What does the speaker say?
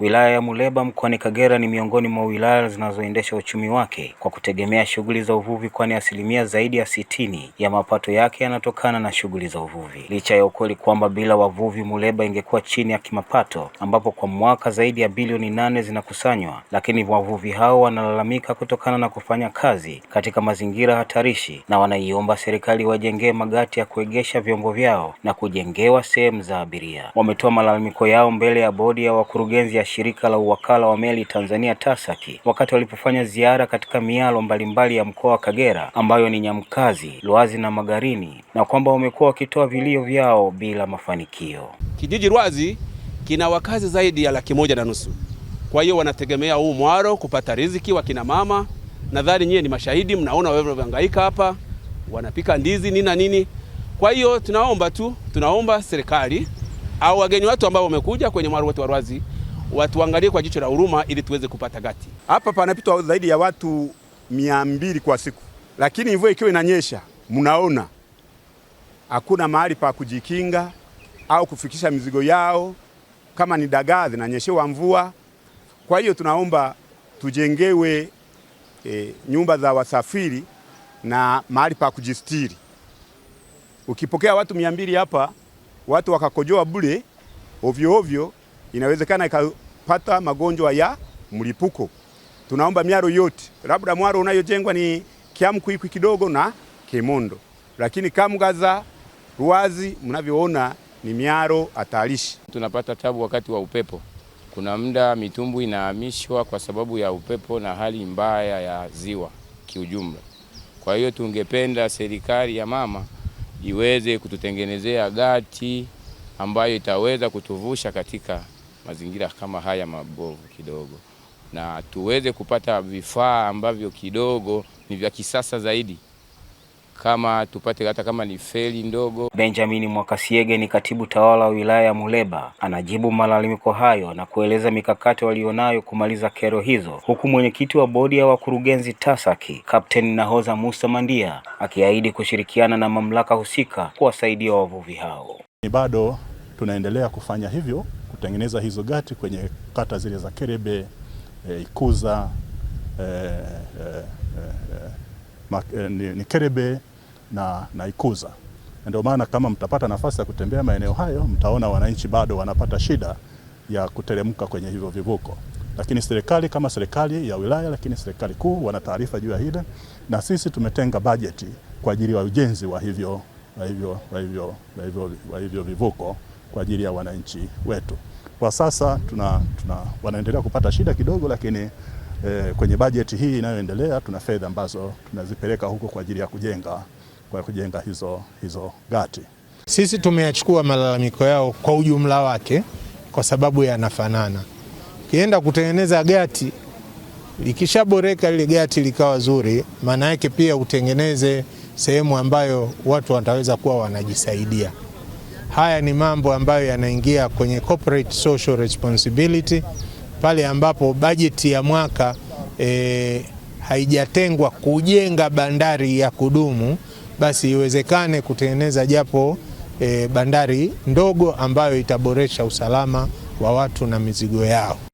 Wilaya ya Muleba mkoani Kagera ni miongoni mwa wilaya zinazoendesha uchumi wake kwa kutegemea shughuli za uvuvi, kwani asilimia zaidi ya sitini ya mapato yake yanatokana na shughuli za uvuvi. Licha ya ukweli kwamba bila wavuvi Muleba ingekuwa chini ya kimapato, ambapo kwa mwaka zaidi ya bilioni nane zinakusanywa, lakini wavuvi hao wanalalamika kutokana na kufanya kazi katika mazingira hatarishi, na wanaiomba serikali wajengee magati ya kuegesha vyombo vyao na kujengewa sehemu za abiria. Wametoa malalamiko yao mbele ya bodi ya wakurugenzi ya shirika la uwakala wa meli Tanzania Tasaki wakati walipofanya ziara katika mialo mbalimbali ya mkoa wa Kagera ambayo ni Nyamkazi, Lwazi na Magarini, na kwamba wamekuwa wakitoa vilio vyao bila mafanikio. Kijiji Lwazi kina wakazi zaidi ya laki moja na nusu. Kwa hiyo wanategemea huu mwaro kupata riziki, kina mama nadhani nyie ni mashahidi, mnaona wanavyohangaika hapa, wanapika ndizi nini nini. Kwa hiyo tunaomba tu, tunaomba serikali au wageni watu ambao wamekuja kwenye mwaro wetu wa Lwazi watuangalie kwa jicho la huruma ili tuweze kupata gati. Hapa panapitwa zaidi ya watu mia mbili kwa siku, lakini mvua ikiwa inanyesha, mnaona hakuna mahali pa kujikinga au kufikisha mizigo yao, kama ni dagaa zinanyeshewa mvua. Kwa hiyo tunaomba tujengewe e, nyumba za wasafiri na mahali pa kujistiri. Ukipokea watu mia mbili hapa, watu wakakojoa bure ovyo ovyo, inawezekana ikapata magonjwa ya mlipuko. Tunaomba miaro yote, labda mwaro unayojengwa ni Kiamkwikwi kidogo na Kemondo, lakini kamgaza Ruwazi mnavyoona ni miaro hatarishi. Tunapata tabu wakati wa upepo, kuna muda mitumbu inahamishwa kwa sababu ya upepo na hali mbaya ya ziwa kiujumla. Kwa hiyo tungependa serikali ya mama iweze kututengenezea gati ambayo itaweza kutuvusha katika mazingira kama haya mabovu kidogo, na tuweze kupata vifaa ambavyo kidogo ni vya kisasa zaidi, kama tupate hata kama ni feli ndogo. Benjamin Mwakasiege ni katibu tawala wa wilaya ya Muleba, anajibu malalamiko hayo na kueleza mikakati walionayo kumaliza kero hizo, huku mwenyekiti wa bodi ya wakurugenzi TASAKI Kapteni Nahoza Musa Mandia akiahidi kushirikiana na mamlaka husika kuwasaidia wavuvi hao. Ni bado tunaendelea kufanya hivyo kutengeneza hizo gati kwenye kata zile za Kerebe, e, Ikuza e, e, e, ni, ni Kerebe na, na Ikuza. Ndio maana kama mtapata nafasi ya kutembea maeneo hayo mtaona wananchi bado wanapata shida ya kuteremka kwenye hivyo vivuko, lakini serikali kama serikali ya wilaya, lakini serikali kuu wana taarifa juu ya hili, na sisi tumetenga bajeti kwa ajili ya ujenzi wa hivyo, wa hivyo, wa hivyo, wa hivyo, wa hivyo vivuko kwa ajili ya wananchi wetu. Kwa sasa tuna, tuna, wanaendelea kupata shida kidogo, lakini eh, kwenye bajeti hii inayoendelea tuna fedha ambazo tunazipeleka huko kwa ajili ya kujenga, kwa kujenga hizo, hizo gati. Sisi tumeyachukua malalamiko yao kwa ujumla wake kwa sababu yanafanana. Ukienda kutengeneza gati likishaboreka lile gati likawa zuri, maana yake pia utengeneze sehemu ambayo watu wataweza kuwa wanajisaidia. Haya ni mambo ambayo yanaingia kwenye corporate social responsibility pale ambapo bajeti ya mwaka e, haijatengwa kujenga bandari ya kudumu, basi iwezekane kutengeneza japo e, bandari ndogo ambayo itaboresha usalama wa watu na mizigo yao.